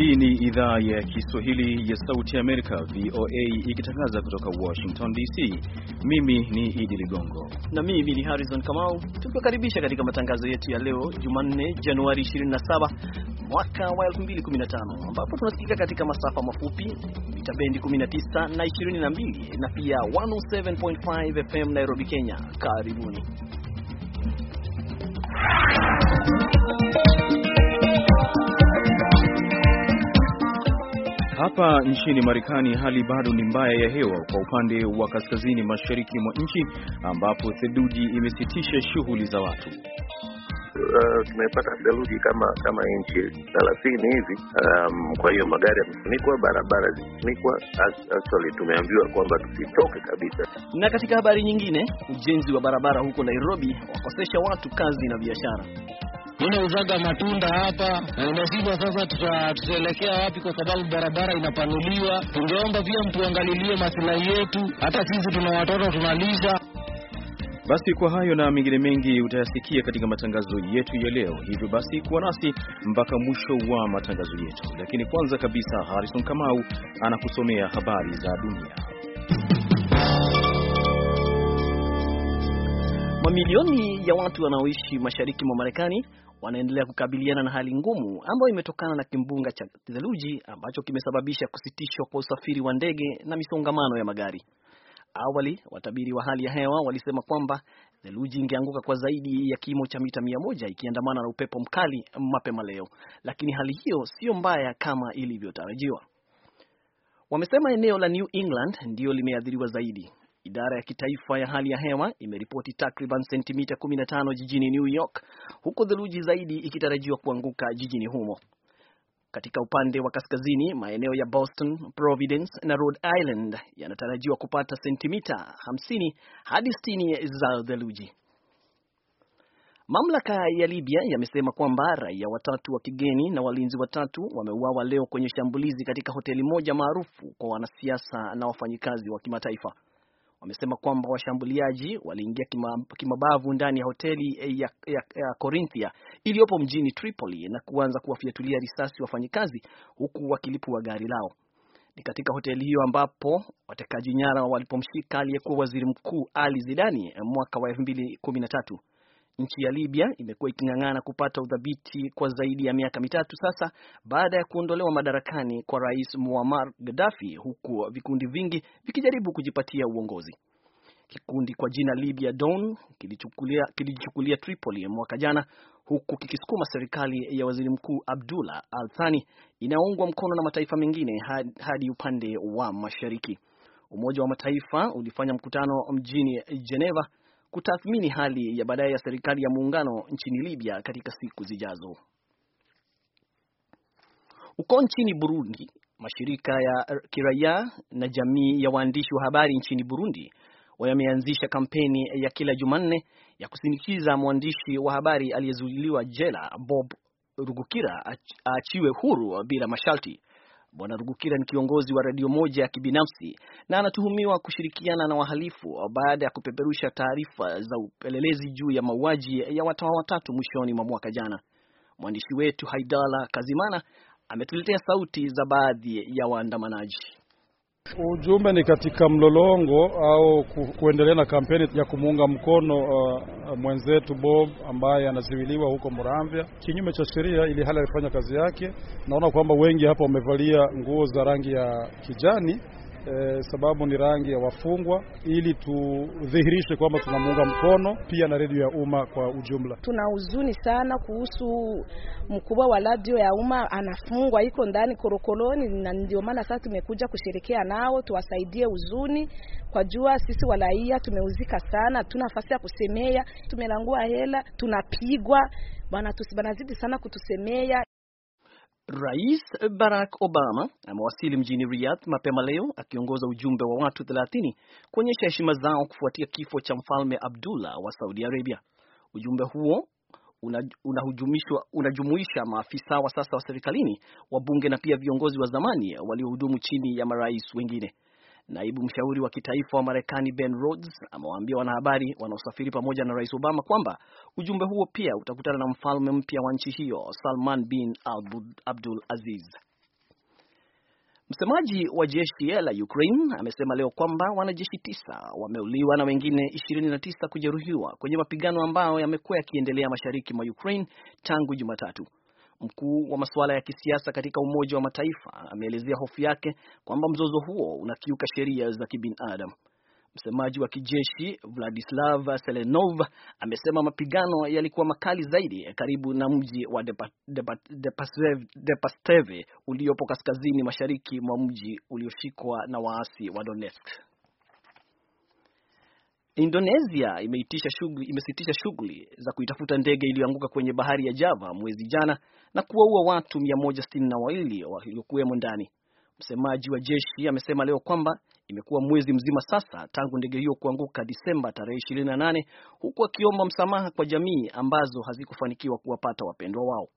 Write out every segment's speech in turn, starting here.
Hii ni idhaa ya Kiswahili ya Sauti ya Amerika, VOA, ikitangaza kutoka Washington DC. Mimi ni Idi Ligongo na mimi ni Harrison Kamau, tukiwakaribisha katika matangazo yetu ya leo Jumanne, Januari 27 mwaka wa 2015 ambapo tunasikika katika masafa mafupi mita bendi 19 na 22 na pia 107.5 FM Nairobi, Kenya. Karibuni Hapa nchini Marekani hali bado ni mbaya ya hewa kwa upande wa kaskazini mashariki mwa nchi ambapo theluji imesitisha shughuli za watu. Uh, tumepata theluji kama kama inchi thelathini hivi. Um, kwa hiyo magari yamefunikwa, barabara zimefunikwa. Actually tumeambiwa kwamba tusitoke kabisa. Na katika habari nyingine, ujenzi wa barabara huko Nairobi wakosesha watu kazi na biashara inauzaga matunda hapa, nashindwa sasa tutaelekea wapi? Kwa sababu barabara inapanuliwa. Tungeomba pia mtuangalilie masilahi yetu, hata sisi tuna watoto tunalisha. Basi kwa hayo na mengine mengi utayasikia katika matangazo yetu ya leo. Hivyo basi kuwa nasi mpaka mwisho wa matangazo yetu, lakini kwanza kabisa Harrison Kamau anakusomea habari za dunia. Mamilioni ya watu wanaoishi mashariki mwa Marekani wanaendelea kukabiliana na hali ngumu ambayo imetokana na kimbunga cha theluji ambacho kimesababisha kusitishwa kwa usafiri wa ndege na misongamano ya magari. Awali watabiri wa hali ya hewa walisema kwamba theluji ingeanguka kwa zaidi ya kimo cha mita mia moja ikiandamana na upepo mkali mapema leo, lakini hali hiyo siyo mbaya kama ilivyotarajiwa. Wamesema eneo la New England ndiyo limeathiriwa zaidi Idara ya kitaifa ya hali ya hewa imeripoti takriban sentimita 15 jijini New York, huku theluji zaidi ikitarajiwa kuanguka jijini humo. Katika upande wa kaskazini, maeneo ya Boston, Providence na Rhode Island yanatarajiwa kupata sentimita 50 hadi 60 za theluji. Mamlaka ya Libya yamesema kwamba raia watatu wa kigeni na walinzi watatu wameuawa leo kwenye shambulizi katika hoteli moja maarufu kwa wanasiasa na wafanyikazi wa kimataifa wamesema kwamba washambuliaji waliingia kimabavu kima ndani ya hoteli ya, ya, ya Corinthia iliyopo mjini Tripoli na kuanza kuwafyatulia risasi wafanyikazi huku wakilipua gari lao. Ni katika hoteli hiyo ambapo watekaji nyara walipomshika aliyekuwa waziri mkuu Ali Zidani mwaka wa 2013. Nchi ya Libya imekuwa iking'ang'ana kupata udhabiti kwa zaidi ya miaka mitatu sasa baada ya kuondolewa madarakani kwa Rais Muammar Gaddafi, huku vikundi vingi vikijaribu kujipatia uongozi. Kikundi kwa jina Libya Dawn kilijichukulia Tripoli mwaka jana, huku kikisukuma serikali ya waziri mkuu Abdullah Al Thani inayoungwa mkono na mataifa mengine hadi upande wa mashariki. Umoja wa Mataifa ulifanya mkutano mjini Geneva kutathmini hali ya baadaye ya serikali ya muungano nchini Libya katika siku zijazo. uko nchini Burundi, mashirika ya kiraia na jamii ya waandishi wa habari nchini Burundi wameanzisha kampeni ya kila Jumanne ya kusindikiza mwandishi wa habari aliyezuiliwa jela Bob Rugukira aachiwe huru bila masharti. Bwana Rugukira ni kiongozi wa redio moja ya kibinafsi na anatuhumiwa kushirikiana na wahalifu baada ya kupeperusha taarifa za upelelezi juu ya mauaji ya watawa watatu mwishoni mwa mwaka jana. Mwandishi wetu Haidala Kazimana ametuletea sauti za baadhi ya waandamanaji. Ujumbe ni katika mlolongo au kuendelea na kampeni ya kumuunga mkono uh, mwenzetu Bob ambaye anaziwiliwa huko Muramvya kinyume cha sheria, ili hali alifanya kazi yake. Naona kwamba wengi hapa wamevalia nguo za rangi ya kijani e, sababu ni rangi ya wafungwa, ili tudhihirishe kwamba tunamuunga mkono pia na redio ya umma kwa ujumla. Tuna huzuni sana kuhusu mkubwa wa radio ya umma anafungwa, iko ndani korokoroni, na ndio maana sasa tumekuja kushirikia nao tuwasaidie huzuni, kwa jua sisi walaia tumeuzika sana, tuna nafasi ya kusemea, tumelangua hela, tunapigwa bana, banazidi sana kutusemea. Rais Barack Obama amewasili mjini Riyadh mapema leo akiongoza ujumbe wa watu 30 kuonyesha heshima zao kufuatia kifo cha Mfalme Abdullah wa Saudi Arabia. Ujumbe huo unajumuisha maafisa wa sasa wa serikalini, wabunge na pia viongozi wa zamani waliohudumu chini ya marais wengine. Naibu mshauri wa kitaifa wa Marekani Ben Rhodes amewaambia wanahabari wanaosafiri pamoja na Rais Obama kwamba ujumbe huo pia utakutana na mfalme mpya wa nchi hiyo Salman bin Abdul Aziz. Msemaji wa jeshi la Ukraine amesema leo kwamba wanajeshi tisa wameuliwa na wengine 29 kujeruhiwa kwenye mapigano ambayo yamekuwa yakiendelea mashariki mwa Ukraine tangu Jumatatu mkuu wa masuala ya kisiasa katika Umoja wa Mataifa ameelezea hofu yake kwamba mzozo huo unakiuka sheria za kibinadamu. Msemaji wa kijeshi Vladislav Selenov amesema mapigano yalikuwa makali zaidi karibu na mji wa Depasteve uliopo kaskazini mashariki mwa mji ulioshikwa na waasi wa Donetsk. Indonesia imeitisha shughuli, imesitisha shughuli za kuitafuta ndege iliyoanguka kwenye bahari ya Java mwezi jana na kuwaua watu 162 waliokuwemo ndani. Msemaji wa jeshi amesema leo kwamba imekuwa mwezi mzima sasa tangu ndege hiyo kuanguka Disemba tarehe 28, huku akiomba msamaha kwa jamii ambazo hazikufanikiwa kuwapata wapendwa wao.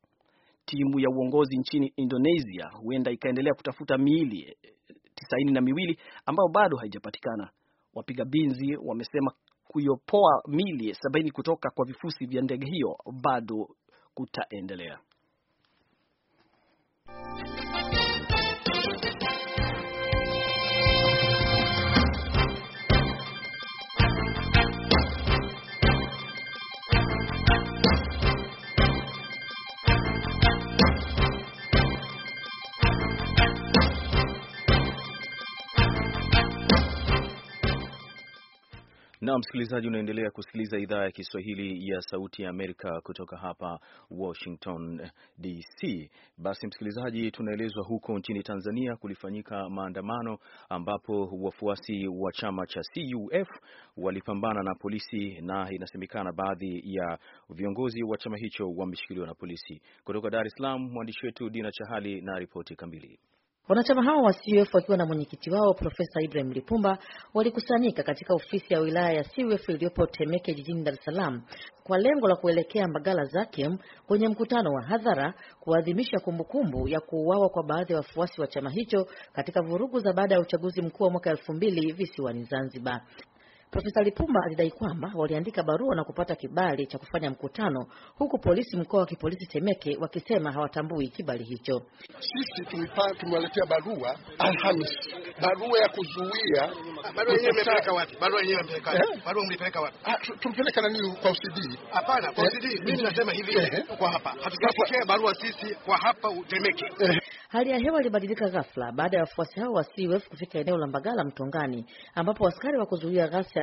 Timu ya uongozi nchini Indonesia huenda ikaendelea kutafuta miili eh, tisini na miwili ambayo bado haijapatikana. Wapiga binzi wamesema kuiopoa mili sabini kutoka kwa vifusi vya ndege hiyo bado kutaendelea. Na msikilizaji, unaendelea kusikiliza idhaa ya Kiswahili ya Sauti ya Amerika kutoka hapa Washington DC. Basi msikilizaji, tunaelezwa huko nchini Tanzania kulifanyika maandamano ambapo wafuasi wa chama cha CUF walipambana na polisi, na inasemekana baadhi ya viongozi wa chama hicho wameshikiliwa na polisi. Kutoka Dar es Salaam, mwandishi wetu Dina Chahali na ripoti kamili. Wanachama hao wa CUF wakiwa na mwenyekiti wao Profesa Ibrahim Lipumba walikusanyika katika ofisi ya wilaya ya CUF iliyopo Temeke jijini Dar es Salaam kwa lengo la kuelekea Mbagala Zakem kwenye mkutano wa hadhara kuadhimisha kumbukumbu ya kuuawa kwa baadhi ya wafuasi wa chama hicho katika vurugu za baada ya uchaguzi mkuu wa mwaka elfu mbili visiwani Zanzibar. Profesa Lipumba alidai kwamba waliandika barua na kupata kibali cha kufanya mkutano, huku polisi mkoa wa kipolisi Temeke wakisema hawatambui kibali hicho. Sisi tumewaletea barua Alhamis, barua ya kuzuia. Barua yenyewe imepeleka wapi? Barua yenyewe imepeleka wapi? Eh? Barua umepeleka wapi? Ah, tumpeleka na nini kwa OCD? Hapana, kwa OCD eh? mimi nasema hivi eh? kwa hapa, hatujapokea barua sisi kwa hapa Temeke. Hali ya hewa ilibadilika ghafla baada ya wafuasi hao wa CUF kufika eneo la Mbagala Mtongani, ambapo askari wa kuzuia ghasia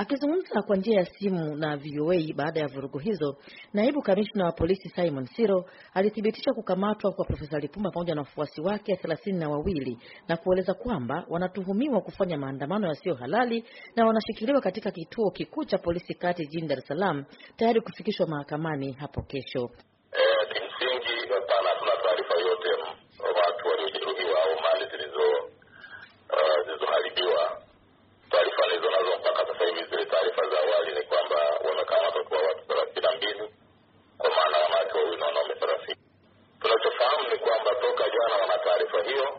Akizungumza kwa njia ya simu na VOA baada ya vurugu hizo, naibu kamishna wa polisi Simon Siro alithibitisha kukamatwa kwa Profesa Lipumba pamoja na wafuasi wake thelathini na wawili na kueleza kwamba wanatuhumiwa kufanya maandamano yasiyo halali na wanashikiliwa katika kituo kikuu cha polisi kati jijini Dar es Salaam tayari kufikishwa mahakamani hapo kesho. Kimsingi hapana, taarifa yote mpaka sasa hivi zile taarifa za awali ni kwamba wamekamata kuwa watu thelathini na mbili kwa maana wanawake wawili na wanaume thelathini. Tunachofahamu ni kwamba toka jana wana taarifa hiyo.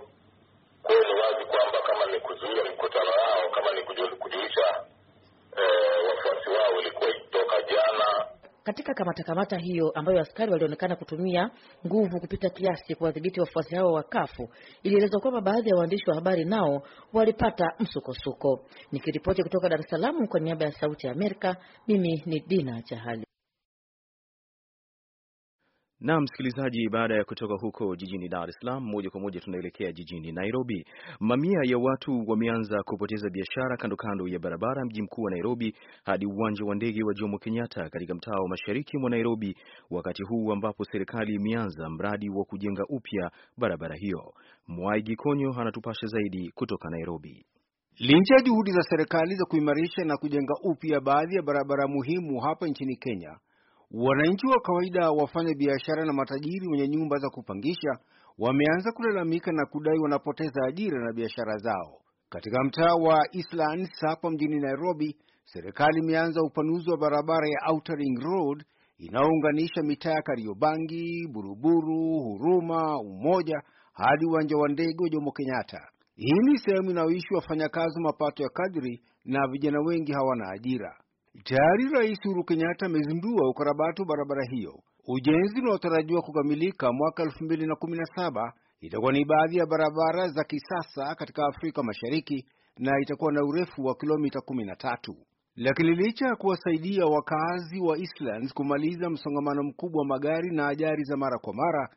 Kwa hiyo ni wazi kwamba kama ni kuzuia mkutano yao, kama ni kujulisha eh, wafuasi wao ilikuwa toka jana katika kamata kamata hiyo ambayo askari walionekana kutumia nguvu kupita kiasi kuwadhibiti wafuasi hao wa kafu, ilielezwa kwamba baadhi ya waandishi wa habari nao walipata msukosuko. Nikiripoti kutoka Dar es Salaam kwa niaba ya Sauti ya Amerika, mimi ni Dina Chahali. Na msikilizaji, baada ya kutoka huko jijini Dar es Salaam, moja kwa moja tunaelekea jijini Nairobi. Mamia ya watu wameanza kupoteza biashara kando kando ya barabara mji mkuu wa Nairobi hadi uwanja wa ndege wa Jomo Kenyatta katika mtaa wa mashariki mwa Nairobi, wakati huu ambapo serikali imeanza mradi wa kujenga upya barabara hiyo. Mwai Gikonyo anatupasha zaidi kutoka Nairobi. Licha ya juhudi za serikali za kuimarisha na kujenga upya baadhi ya barabara muhimu hapa nchini Kenya, Wananchi wa kawaida, wafanya biashara na matajiri wenye nyumba za kupangisha wameanza kulalamika na kudai wanapoteza ajira na biashara zao. Katika mtaa wa Eastlands hapa mjini Nairobi, serikali imeanza upanuzi wa barabara ya Outer Ring Road inayounganisha mitaa ya Kariobangi, Buruburu, Huruma, Umoja hadi uwanja wa ndege wa Jomo Kenyatta. Hii ni sehemu inayoishi wafanyakazi mapato ya kadri na vijana wengi hawana ajira. Tayari Rais Uhuru Kenyatta amezindua ukarabati wa barabara hiyo. Ujenzi unaotarajiwa kukamilika mwaka 2017 itakuwa ni baadhi ya barabara za kisasa katika Afrika Mashariki na itakuwa na urefu wa kilomita 13. Lakini licha ya kuwasaidia wakazi wa Eastlands kumaliza msongamano mkubwa wa magari na ajali za mara kwa mara,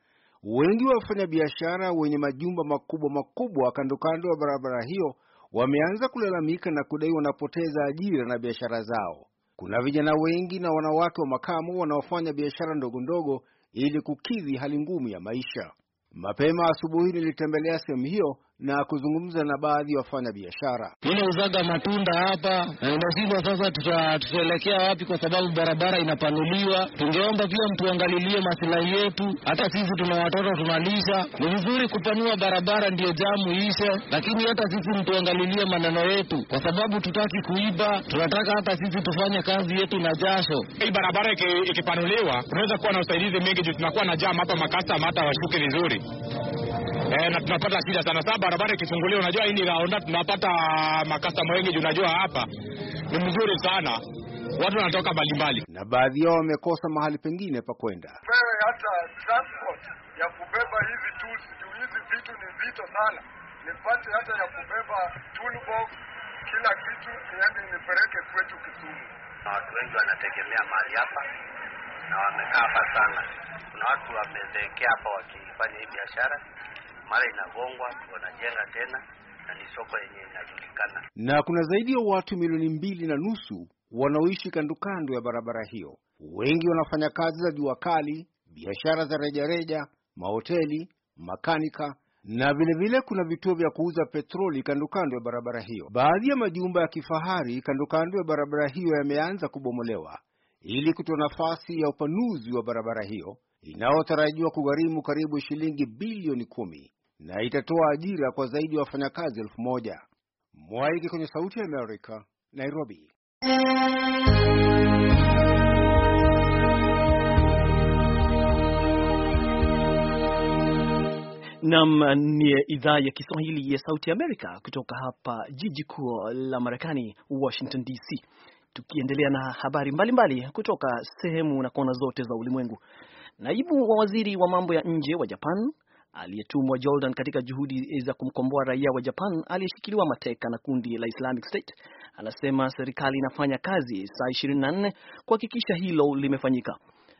wengi wa wafanyabiashara wenye majumba makubwa makubwa kando kando ya barabara hiyo wameanza kulalamika na kudai wanapoteza ajira na biashara zao. Kuna vijana wengi na wanawake wa makamo wanaofanya biashara ndogo ndogo ili kukidhi hali ngumu ya maisha. Mapema asubuhi nilitembelea sehemu hiyo na kuzungumza na baadhi ya wafanya biashara. Mimi uzaga matunda hapa, na nasivyo sasa tutaelekea wapi? Kwa sababu barabara inapanuliwa. Tungeomba pia mtuangalilie masilahi yetu, hata sisi tuna watoto tunalisha. Ni vizuri kupanua barabara ndiyo jamu ishe, lakini hata sisi mtuangalilie maneno yetu, kwa sababu tutaki kuiba, tunataka hata sisi tufanye kazi yetu na jasho. Hii barabara ikipanuliwa, tunaweza kuwa na usaidizi mingi juu tunakuwa na jamu hapa, makastama hata washuke vizuri e, na tunapata shida sana sana. Barabara ikifunguliwa, unajua hii ni tunapata makastama wengi, unajua hapa ni mzuri sana watu wanatoka mbalimbali, na baadhi yao wamekosa mahali pengine pa kwenda. Wewe hata transport ya kubeba hizi tools, hizi vitu ni vito sana, nipate hata ya kubeba toolbox, kila kitu yani nipeleke kwetu Kisumu. Na watu wengi wanategemea mahali hapa na wamekaa hapa sana. Kuna watu wamezeekea hapa wakifanya hii biashara mara inagongwa, wanajenga tena na ni soko yenye inajulikana. Na kuna zaidi ya watu milioni mbili na nusu wanaoishi kando kando ya barabara hiyo. Wengi wanafanya kazi za jua kali, biashara za rejareja, mahoteli, makanika na vilevile kuna vituo vya kuuza petroli kando kando ya barabara hiyo. Baadhi ya majumba ya kifahari kando kando ya barabara hiyo yameanza kubomolewa ili kutoa nafasi ya upanuzi wa barabara hiyo inayotarajiwa kugharimu karibu shilingi bilioni kumi na itatoa ajira kwa zaidi ya wafanyakazi elfu moja. Mwaiki kwenye Sauti ya Amerika, Nairobi. Nam ni idhaa ya Kiswahili ya Sauti Amerika kutoka hapa jiji kuu la Marekani, Washington DC, tukiendelea na habari mbalimbali mbali kutoka sehemu na kona zote za ulimwengu. Naibu wa waziri wa mambo ya nje wa Japan aliyetumwa Jordan katika juhudi za kumkomboa raia wa Japan aliyeshikiliwa mateka na kundi la Islamic State anasema serikali inafanya kazi saa 24 kuhakikisha hilo limefanyika.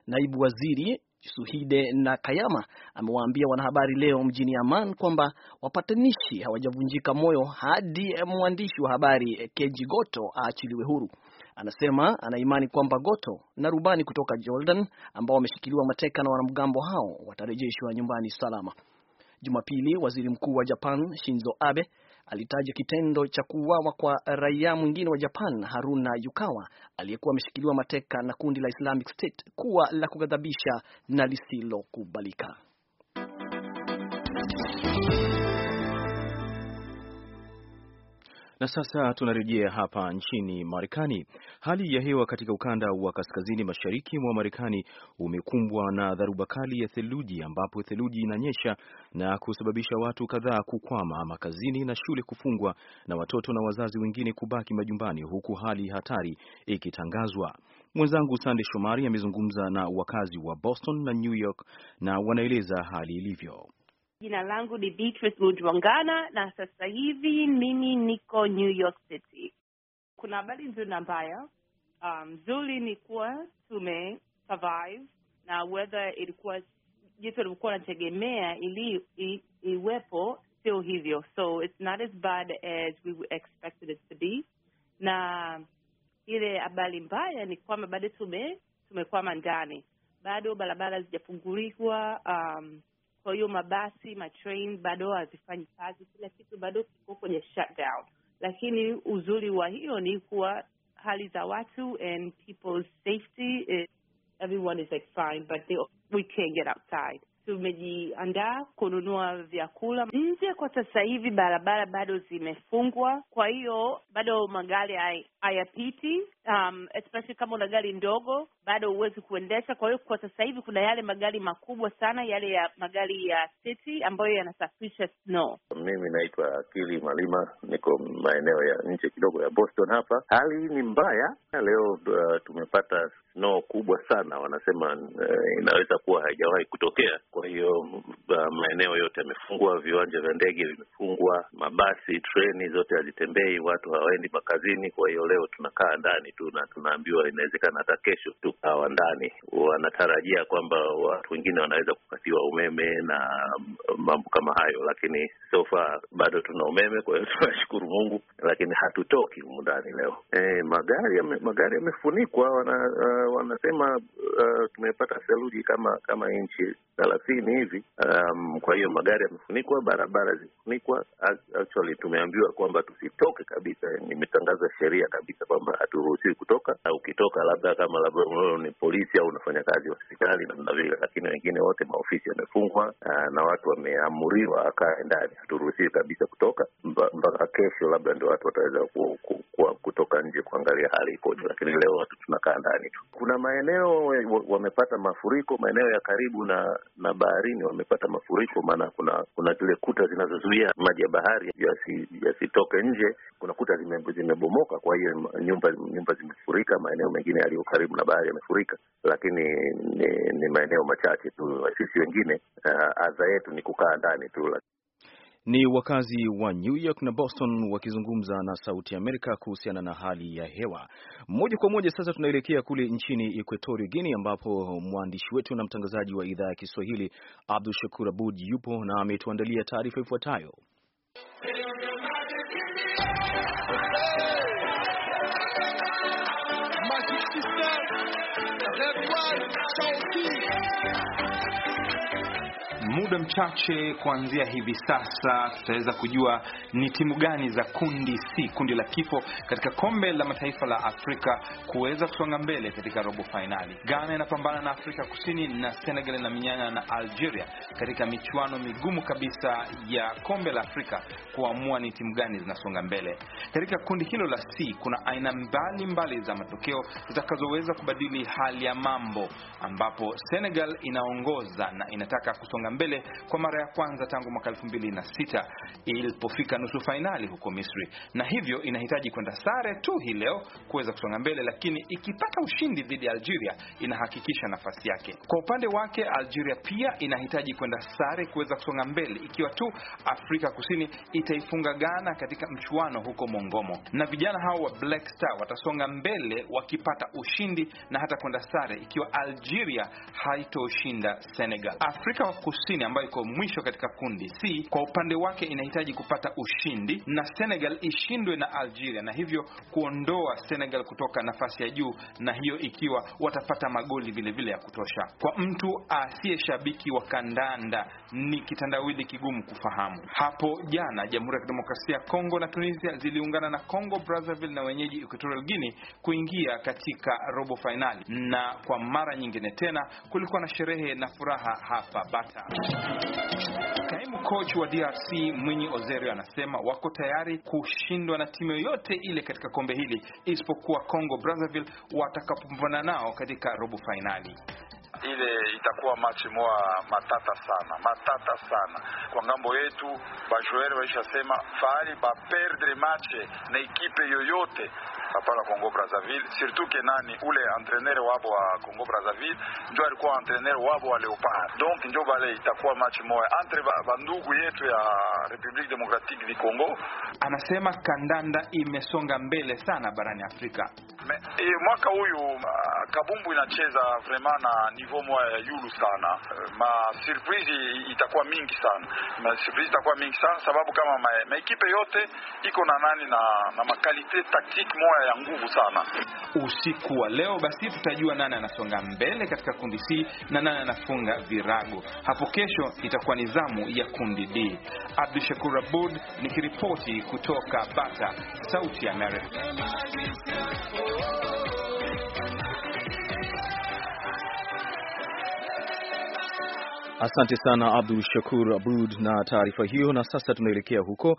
Naibu waziri Suhide na kayama amewaambia wanahabari leo mjini aman kwamba wapatanishi hawajavunjika moyo hadi mwandishi wa habari keji Goto aachiliwe huru. Anasema ana imani kwamba Goto na rubani kutoka Jordan ambao wameshikiliwa mateka na wanamgambo hao watarejeshwa nyumbani salama. Jumapili, waziri mkuu wa Japan Shinzo Abe alitaja kitendo cha kuuawa kwa raia mwingine wa Japan Haruna Yukawa aliyekuwa ameshikiliwa mateka na kundi la Islamic State kuwa la kughadhabisha na lisilokubalika. Na sasa tunarejea hapa nchini Marekani. Hali ya hewa katika ukanda wa kaskazini mashariki mwa Marekani umekumbwa na dharuba kali ya theluji, ambapo theluji inanyesha na kusababisha watu kadhaa kukwama makazini na shule kufungwa na watoto na wazazi wengine kubaki majumbani, huku hali hatari ikitangazwa. Mwenzangu Sande Shomari amezungumza na wakazi wa Boston na New York na wanaeleza hali ilivyo. Jina langu ni Beatrice Mujwangana na sasa hivi mimi niko New York City. Kuna habari nzuri na mbaya. Um, nzuri um, ni kuwa tume survive na weather ilikuwa jinsi walivyokuwa wanategemea ili iwepo, sio hivyo, so it's not as bad as we expected it to be. Na ile habari mbaya ni kwamba bado tume tumekwama ndani, bado barabara hazijafunguliwa um, Kwa hiyo mabasi, matrain bado hazifanyi kazi, kila kitu bado kiko kwenye shutdown. Lakini uzuri wa hiyo ni kuwa hali za watu and people's safety is, everyone is like fine but they, we can't get outside tumejiandaa kununua vyakula nje. Kwa sasa hivi barabara bado zimefungwa, kwa hiyo bado magari hayapiti. Um, especially kama una gari ndogo bado huwezi kuendesha. Kwa hiyo kwa sasa hivi kuna yale magari makubwa sana, yale ya magari ya city ambayo yanasafisha snow. Mimi naitwa Akili Malima, niko maeneo ya nje kidogo ya Boston hapa. Hali ni mbaya leo. Uh, tumepata no kubwa sana, wanasema eh, inaweza kuwa haijawahi kutokea. Kwa hiyo maeneo yote yamefungwa, viwanja vya ndege vimefungwa, mabasi, treni zote hazitembei, watu hawaendi makazini. Kwa hiyo leo tunakaa ndani tu na tunaambiwa inawezekana hata kesho tukawa ndani. Wanatarajia kwamba watu wengine wanaweza kukatiwa umeme na mambo kama hayo, lakini so far bado tuna umeme, kwa hiyo tunashukuru Mungu, lakini hatutoki humu ndani leo. E, magari magari yamefunikwa wana uh, uh, wanasema uh, tumepata theluji kama kama inchi thelathini hivi. Um, kwa hiyo magari yamefunikwa, barabara zimefunikwa. Actually tumeambiwa kwamba tusitoke kabisa, nimetangaza sheria kabisa kwamba haturuhusiwi kutoka, na ukitoka labda kama labda ni polisi au unafanya kazi hospitali namna vile, lakini wengine wote maofisi yamefungwa uh, na watu wameamuriwa akae ndani, haturuhusiwi kabisa kutoka mpaka kesho, labda ndio watu wataweza ku, ku, ku, kutoka nje kuangalia hali ikoje, lakini leo watu tunakaa ndani tu. Kuna maeneo wamepata mafuriko, maeneo ya karibu na na baharini wamepata mafuriko, maana kuna kuna zile kuta zinazozuia maji ya bahari yasitoke nje. Kuna kuta zimebomoka, kwa hiyo nyumba nyumba zimefurika. Maeneo mengine yaliyo karibu na bahari yamefurika, lakini ni, ni maeneo machache tu. Sisi wengine eh, adha yetu ni kukaa ndani tu. Ni wakazi wa New York na Boston wakizungumza na Sauti Amerika kuhusiana na hali ya hewa. Moja kwa moja sasa tunaelekea kule nchini Equatorial Guinea ambapo mwandishi wetu na mtangazaji wa idhaa ya Kiswahili Abdul Shakur Abud yupo na ametuandalia taarifa ifuatayo muda mchache kuanzia hivi sasa tutaweza kujua ni timu gani za kundi C, kundi la kifo katika kombe la mataifa la Afrika kuweza kusonga mbele katika robo fainali. Ghana inapambana na Afrika Kusini na Senegal inamenyana na Algeria katika michuano migumu kabisa ya kombe la Afrika kuamua ni timu gani zinasonga mbele. Katika kundi hilo la C kuna aina mbalimbali mbali za matokeo zitakazoweza kubadili hali ya mambo, ambapo Senegal inaongoza na inataka kusonga mbele mbele kwa mara ya kwanza tangu mwaka sita ilipofika nusu fainali huko Misri, na hivyo inahitaji kwenda sare tu hii leo kuweza kusonga mbele, lakini ikipata ushindi dhidi ya Algeria inahakikisha nafasi yake. Kwa upande wake, Algeria pia inahitaji kwenda sare kuweza kusonga mbele, ikiwa tu Afrika Kusini itaifunga Ghana katika mchuano huko Mongomo, na vijana hao wa Black Star watasonga mbele wakipata ushindi na hata kwenda sare ikiwa Algeria haitoshinda Senegal. Afrika Kusini Kusini ambayo iko mwisho katika kundi C kwa upande wake inahitaji kupata ushindi na Senegal ishindwe na Algeria na hivyo kuondoa Senegal kutoka nafasi ya juu, na hiyo ikiwa watapata magoli vile vile ya kutosha. Kwa mtu asiye shabiki wa kandanda ni kitandawili kigumu kufahamu. Hapo jana Jamhuri ya Kidemokrasia ya Kongo na Tunisia ziliungana na Congo Brazzaville na wenyeji Equatorial Guinea kuingia katika robo fainali, na kwa mara nyingine tena kulikuwa na sherehe na furaha hapa Bata. Kaimu coach wa DRC Mwinyi Ozerio anasema wako tayari kushindwa na timu yoyote ile katika kombe hili isipokuwa Congo Brazzaville watakapopambana nao katika robo fainali ile itakuwa machi moa matata sana, matata sana kwa ngambo yetu. Bajoer waishasema fahali baperdre mache na ekipe yoyote hapana congo Brazzaville, surtout ke nani ule entraîneur wabo wa congo Brazzaville ndio alikuwa entraîneur wabo wa Leopard, donc ndio bale itakuwa match moya entre bandugu yetu ya Republique Democratique du Congo. Anasema kandanda imesonga mbele sana barani Afrika. Me, e, mwaka huyu ah, Kabumbu inacheza vraiment na mvumo ya yulu sana, eh, surprise itakuwa mingi sana, surprise itakuwa mingi sana sababu kama maekipe ma yote iko na nani na, na makalite taktiki moya ya nguvu sana. Usiku wa leo basi tutajua nani anasonga mbele katika kundi C na nani anafunga virago. Hapo kesho itakuwa ni zamu ya kundi D. Abdu Shakur Abud nikiripoti kutoka Bata, Sauti ya Amerika. Asante sana Abdul Shakur Abud na taarifa hiyo. Na sasa tunaelekea huko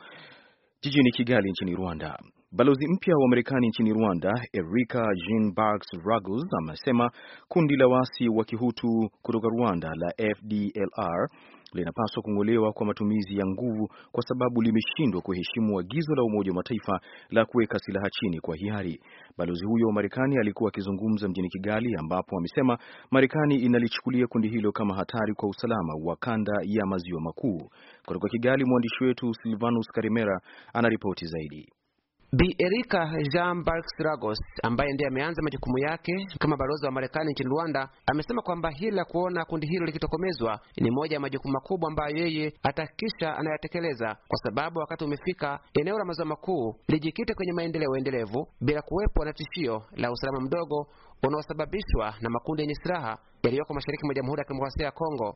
jijini Kigali nchini Rwanda. Balozi mpya wa Marekani nchini Rwanda Erika Jean Barks Ruggles amesema kundi la wasi wa Kihutu kutoka Rwanda la FDLR linapaswa kung'olewa kwa matumizi ya nguvu kwa sababu limeshindwa kuheshimu agizo la Umoja wa Mataifa la kuweka silaha chini kwa hiari. Balozi huyo wa Marekani alikuwa akizungumza mjini Kigali, ambapo amesema Marekani inalichukulia kundi hilo kama hatari kwa usalama wa kanda ya maziwa makuu. Kutoka Kigali, mwandishi wetu Silvanus Karimera anaripoti zaidi. Bi Erika Jean Barks Ragos ambaye ndiye ameanza majukumu yake kama balozi wa Marekani nchini Rwanda amesema kwamba hili la kuona kundi hilo likitokomezwa ni moja ya majukumu makubwa ambayo yeye atahakikisha anayatekeleza, kwa sababu wakati umefika eneo la maziwa makuu lijikite kwenye maendeleo endelevu bila kuwepo na tishio la usalama mdogo unaosababishwa na makundi yenye silaha yaliyoko mashariki mwa Jamhuri ya Kidemokrasia ya Kongo.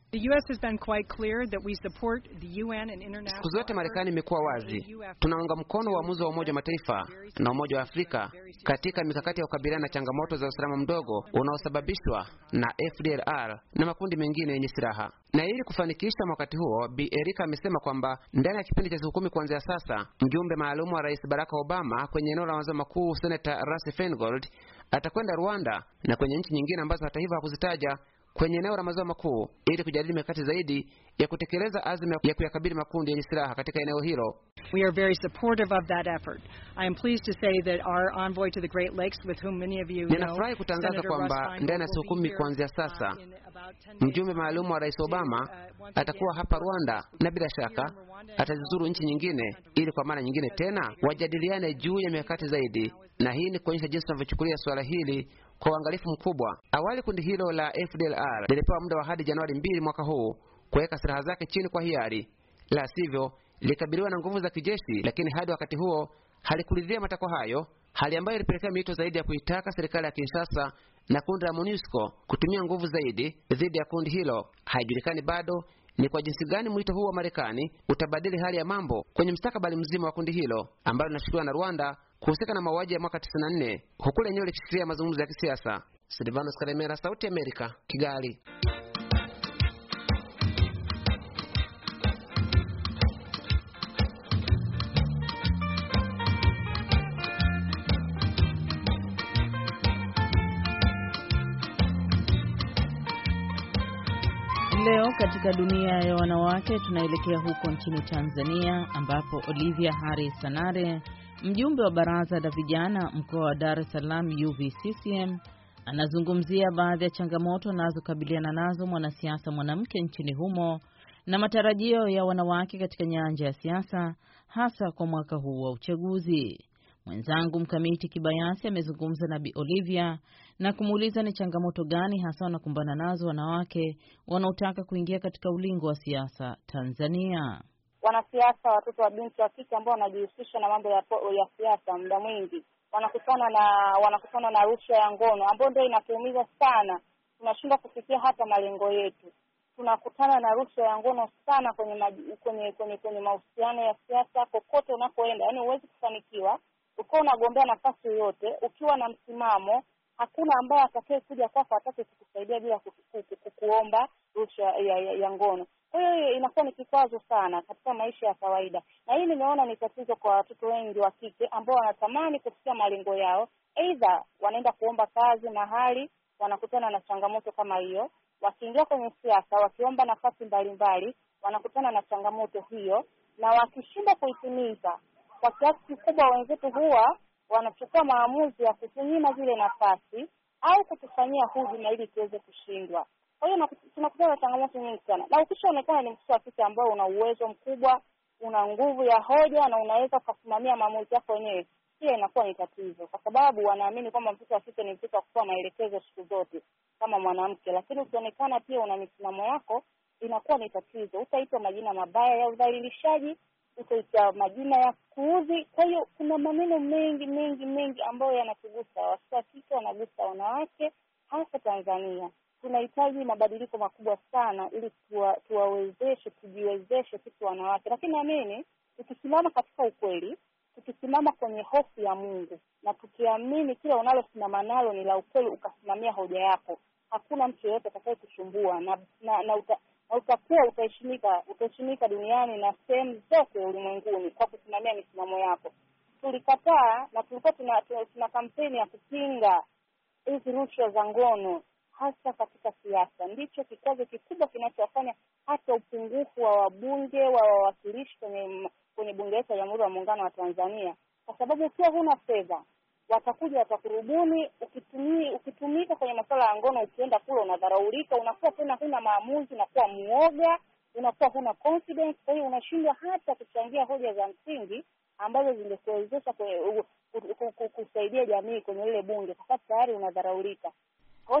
Siku zote Marekani imekuwa wazi, tunaunga mkono uamuzi wa Umoja wa Mataifa na Umoja wa Afrika katika mikakati ya kukabiliana na changamoto za usalama mdogo unaosababishwa na FDLR na makundi mengine yenye silaha. Na ili kufanikisha wakati huo, Bi Erika amesema kwamba ndani ya kipindi cha siku kumi kuanzia sasa, mjumbe maalumu wa Rais Barack Obama kwenye eneo la maziwa makuu, Senata Russ Feingold atakwenda Rwanda na kwenye nchi nyingine ambazo hata hivyo hakuzitaja kwenye eneo la maziwa makuu ili kujadili mikakati zaidi ya kutekeleza azma ya kuyakabili makundi yenye silaha katika eneo hilo. We are very supportive of that effort. I am pleased to say that our envoy to the Great Lakes with whom many of you know. Ninafurahi kutangaza kwamba ndani ya siku kumi kuanzia uh, sasa mjumbe maalum wa Rais Obama uh, atakuwa hapa Rwanda na bila shaka atazizuru nchi nyingine ili kwa mara nyingine tena wajadiliane juu ya mikakati zaidi, na hii ni kuonyesha jinsi tunavyochukulia suala hili kwa uangalifu mkubwa. Awali kundi hilo la FDLR lilipewa muda wa hadi Januari mbili mwaka huu kuweka silaha zake chini kwa hiari, la sivyo lilikabiliwa na nguvu za kijeshi, lakini hadi wakati huo halikuridhia matakwa hayo, hali ambayo ilipelekea miito zaidi ya kuitaka serikali ya Kinshasa na kundi la MONUSCO kutumia nguvu zaidi dhidi ya kundi hilo. Haijulikani bado ni kwa jinsi gani mwito huu wa Marekani utabadili hali ya mambo kwenye mstakabali mzima wa kundi hilo ambalo linashikiliwa na Rwanda kuhusika na mauaji ya mwaka 94 huku lenyewe likishikilia mazungumzo ya kisiasa. Silvanos Karemera, Sauti ya Amerika, Kigali. Leo katika dunia ya wanawake tunaelekea huko nchini Tanzania ambapo Olivia Hari Sanare Mjumbe wa baraza la vijana mkoa wa Dar es Salaam UVCCM anazungumzia baadhi ya changamoto anazokabiliana nazo mwanasiasa mwanamke nchini humo na matarajio ya wanawake katika nyanja ya siasa hasa kwa mwaka huu wa uchaguzi. Mwenzangu Mkamiti Kibayasi amezungumza na Bi Olivia na kumuuliza ni changamoto gani hasa wanakumbana nazo wanawake wanaotaka kuingia katika ulingo wa siasa Tanzania wanasiasa watoto wa binti wa kike ambao wanajihusisha na mambo ya, ya siasa muda mwingi wanakutana na wanakutana na rushwa ya ngono ambayo ndio inatuumiza sana. Tunashindwa kufikia hata malengo yetu. Tunakutana na rushwa ya ngono sana kwenye maji, kwenye kwenye kwenye mahusiano ya siasa, kokote unakoenda, yani huwezi kufanikiwa ukiwa unagombea nafasi yoyote, ukiwa na msimamo. Hakuna ambaye atakaye kuja kwako atake kukusaidia bila kukuomba rushwa ya, ya, ya ngono. Kwa hiyo inakuwa ni kikwazo sana katika maisha ya kawaida, na hii nimeona ni tatizo kwa watoto wengi wa kike ambao wanatamani kufikia malengo yao, aidha wanaenda kuomba kazi mahali wanakutana na changamoto kama hiyo, wakiingia kwenye siasa, wakiomba nafasi mbalimbali, wanakutana na changamoto hiyo, na wakishindwa kuitimiza kwa kiasi kikubwa, wenzetu huwa wanachukua maamuzi ya kutunyima zile nafasi au kutufanyia hujuma ili tuweze kushindwa. Kwa hiyo hiyo changamoto nyingi sana, na ukishaonekana ni mtoto wa kike una uwezo mkubwa, una nguvu ya hoja na unaweza ukasimamia maamuzi yako wenyewe, pia inakuwa ni tatizo, kwa sababu wanaamini kwamba mtoto wa kike ni mtoto wa maelekezo siku zote kama mwanamke, lakini ukionekana pia una misimamo yako inakuwa ni tatizo. Utaitwa majina mabaya ya udhalilishaji, utaitwa majina ya kuuzi Kwa hiyo kuna maneno mengi mengi mengi ambayo yanatugusa watoto kike, wanagusa wanawake, hasa Tanzania tunahitaji mabadiliko makubwa sana ili tuwawezeshe, tujiwezeshe sisi wanawake, lakini naamini tukisimama katika ukweli, tukisimama kwenye hofu ya Mungu na tukiamini kila unalosimama nalo ni la ukweli, ukasimamia hoja yako, hakuna mtu yeyote atakaye kuchumbua na, na, na uta, utakuwa utaheshimika, utaheshimika duniani na sehemu zote ulimwenguni kwa kusimamia misimamo yako. Tulikataa na tulikuwa tuna, tuna, tuna kampeni ya kupinga hizi rushwa za ngono hasa katika siasa. Ndicho kikwazo kikubwa kinachowafanya hata upungufu wa wabunge wa wawakilishi kwenye kwenye bunge letu la Jamhuri ya Muungano wa Tanzania, kwa sababu ukiwa huna fedha watakuja watakurubuni. Ukitumii ukitumika kwenye masuala ya ngono, ukienda kule unadharaulika, unakuwa tena huna maamuzi, unakuwa muoga, unakuwa huna confidence. Kwa hiyo unashindwa hata kuchangia hoja za msingi ambazo zingekuwezesha kusaidia jamii kwenye lile bunge, kwa sababu tayari unadharaulika.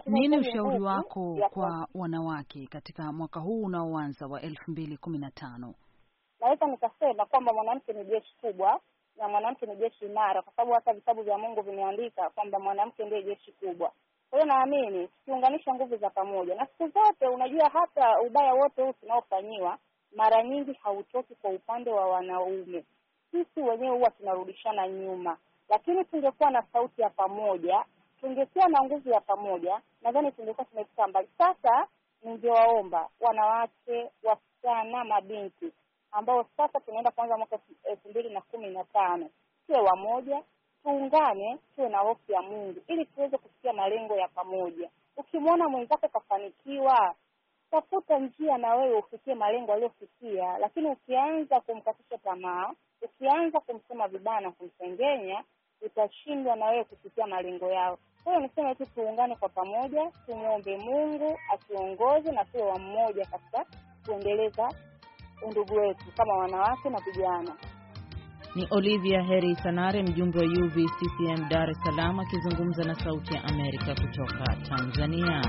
Nini ushauri wako kwa wanawake katika mwaka huu unaoanza wa elfu mbili kumi na tano? Naweza nikasema kwamba mwanamke ni jeshi kubwa na mwanamke ni jeshi imara, kwa sababu hata vitabu vya Mungu vimeandika kwamba mwanamke ndiye jeshi kubwa. Kwa hiyo naamini tukiunganisha nguvu za pamoja, na siku zote, unajua hata ubaya wote huu tunaofanyiwa mara nyingi hautoki kwa upande wa wanaume, sisi wenyewe huwa tunarudishana nyuma, lakini tungekuwa na sauti ya pamoja tungekuwa na nguvu ya pamoja, nadhani tungekuwa tumefika mbali. Sasa ningewaomba wanawake, wasichana, mabinti ambao sasa tunaenda kuanza mwaka elfu mbili na kumi na tano tuwe wamoja, tuungane, tuwe na hofu ya Mungu ili tuweze kufikia malengo ya pamoja. Ukimwona mwenzako kafanikiwa, tafuta njia na wewe ufikie malengo aliyofikia, lakini ukianza kumkatisha tamaa, ukianza kumsema vibaya na kumsengenya utashindwa na wewe kufikia malengo yao. Kwa hiyo niseme tu tuungane kwa pamoja, tumwombe Mungu atuongoze na tuwe wamoja katika kuendeleza undugu wetu kama wanawake na vijana. Ni Olivia Heri Sanare, mjumbe wa UVCCM Dar es Salaam, akizungumza na Sauti ya Amerika kutoka Tanzania.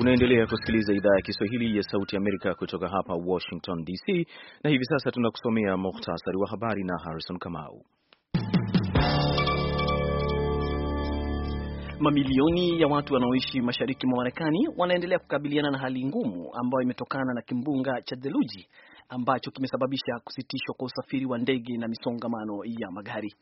Unaendelea kusikiliza idhaa ya Kiswahili ya Sauti Amerika kutoka hapa Washington DC, na hivi sasa tunakusomea muhtasari wa habari na Harrison Kamau. Mamilioni ya watu wanaoishi mashariki mwa Marekani wanaendelea kukabiliana na hali ngumu ambayo imetokana na kimbunga cha theluji ambacho kimesababisha kusitishwa kwa usafiri wa ndege na misongamano ya magari.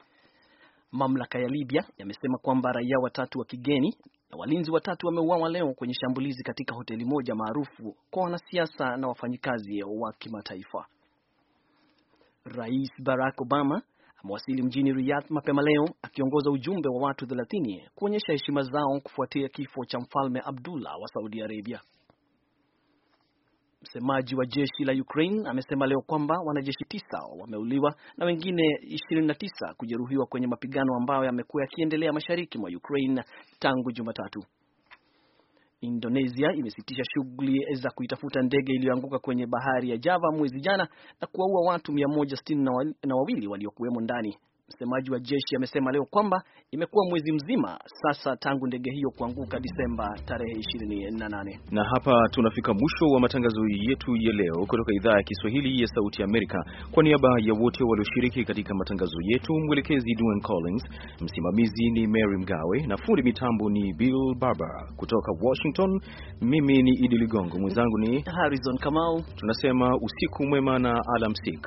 Mamlaka ya Libya yamesema kwamba raia watatu wa kigeni na walinzi watatu wameuawa leo kwenye shambulizi katika hoteli moja maarufu kwa wanasiasa na wafanyikazi wa kimataifa. Rais Barack Obama amewasili mjini Riyadh mapema leo akiongoza ujumbe wa watu 30 kuonyesha heshima zao kufuatia kifo cha mfalme Abdullah wa Saudi Arabia. Msemaji wa jeshi la Ukraine amesema leo kwamba wanajeshi tisa wameuliwa na wengine 29 kujeruhiwa kwenye mapigano ambayo yamekuwa yakiendelea mashariki mwa Ukraine tangu Jumatatu. Indonesia imesitisha shughuli za kuitafuta ndege iliyoanguka kwenye bahari ya Java mwezi jana na kuwaua watu 162 waliokuwemo ndani. Msemaji wa jeshi amesema leo kwamba imekuwa mwezi mzima sasa tangu ndege hiyo kuanguka Disemba tarehe 28. Na hapa tunafika mwisho wa matangazo yetu ya leo kutoka idhaa ya Kiswahili ya Sauti Amerika. Kwa niaba ya wote walioshiriki katika matangazo yetu, mwelekezi Duane Collins, msimamizi ni Mary Mgawe na fundi mitambo ni Bill Barber kutoka Washington. Mimi ni Idi Ligongo, mwenzangu ni Harrison Kamau. Tunasema usiku mwema na alamsik.